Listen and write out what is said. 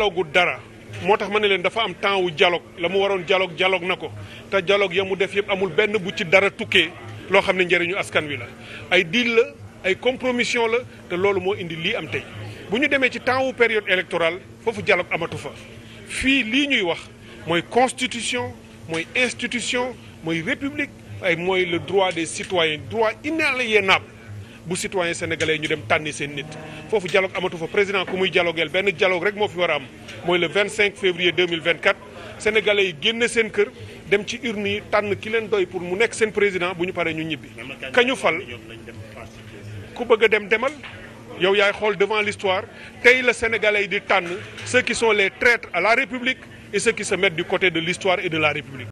lawgu dara moo tax ma ne leen dafa am temps wu dialogue la mu waroon jaloog jaloog na ko te jaloog ya mu def yëpp amul benn bu ci dara tukkee loo xam ne njëriñu askan wi la ay deal la ay compromission la te loolu moo indi lii am tey bu ñu demee ci temps wu période électorale foofu jaloog amatu fa fii lii ñuy wax mooy constitution mooy institution mooy république ay mooy le droit des citoyens droit inaliénable bu citoyen sénégalais ñu dem tànni seen nit foofu dialogue amatu fa président ku muy dialogueel benn dialogue rek moo fi war a am mooy le 25 février 2024 sénégalais yi génne seen kër dem ci urne yi tànn ki leen doy pour mu nekk seen président bu ñu paree ñu ñibbi kañu fal ku bëgg dem demal yow yaay xool devant l'histoire tey la sénégalais yi di tànn ceux qui sont les traîtres à la république et ceux qui se mettent du côté de l'histoire et de la république